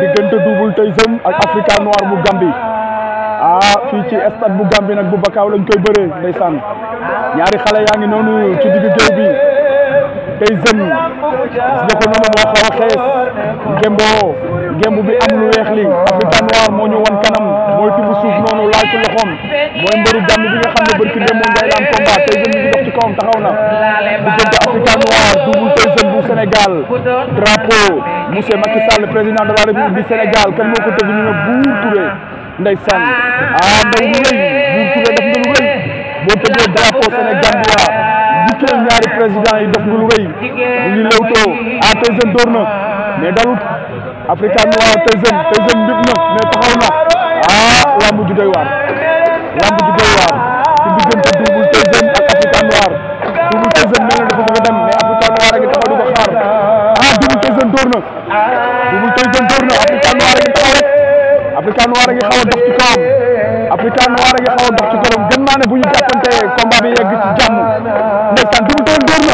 diggante Double Tyson ak Africa Noir bu Gambie ah ci stade bu Gambie nag bu Bakaaw lañ koy bëree ndeysaan ñaari xale yaa ngi noonu ci digg géew bi Tyson gis nga ko noonu moo xaw a xees bi am lu weex li Africa Noir moo ñu wan kanam mooy tibb suuf noonu laal ci loxoom mooy mbëru Gambie bi nga xam ne barki démb moom day am combat Tyson mi ngi dox ci kawam taxaw na diggante Africa Noir Double Sénégal drapeau monsieur Macky Sall président de la République du Sénégal kan moo ko tëgg ñu ne Buur Touré ndeysaan ah ndaw lu rëy Buur Touré def nga lu rëy boo tëggee drapeau Sénégambia jikkee ñaari président yi def nga lu rëy ñu ngi lewtoo ah Tyson door na mais dalut Africa Noir Tyson Tyson mbib na mais taxaw na ah laa mujj doy waar Tyson door na Double Tyson door na Africa Noir a ngi taxaw rek Africa Noir a ngi xaw a dox ci kawam Africa Noir a ngi xaw a dox ci kawam gën naa ne bu ñu jàppante combat bi yegg ci jàmm ndeysaan Double Tyson door na